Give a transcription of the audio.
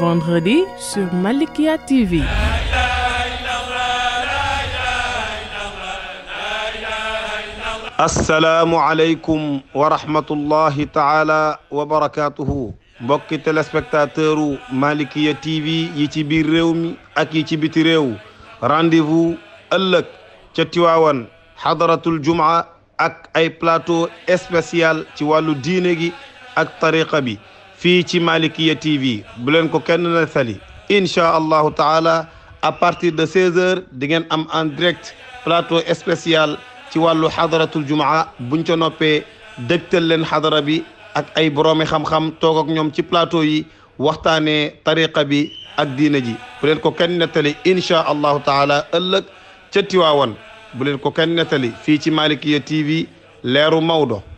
vendredi sur Malikia TV. alaikum wa rahmatullahi taala wa barakatuhu mbokki telespectateurs Malikia TV yi ci bir réew mi ak yi ci biti rew. rendez rendez-vous ëlëk ci Tiwawan Hadratul jumaa ak ay plateau spécial ci walu diine gi ak tariqa bi في ci Malikia TV bu leen ko kenn na sali incha allahu taala à partir de 16h di ngeen am en direct plateau spécial ci wàllu xadaratul jumaa buñ ca noppee dëgtal leen xadara bi ak ay boroomi xam-xam tok ak ñom ci plateau yi waxtane tariqa bi ak diina ji bu len ko kenn nettali insha allah taala ëllëg ci Tiwaawan bu len ko kenn nettali fi ci Malikia TV leeru mawdo